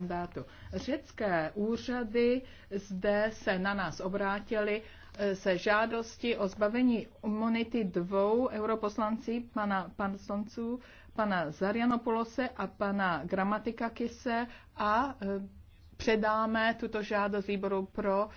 mandátu. Řecké úřady zde se na nás obrátili eh, se žádosti o zbavení imunity dvou europoslanců, pana Pansonců, pana Zarianopolose a pana Kise a eh, předáme tuto žádost výboru pro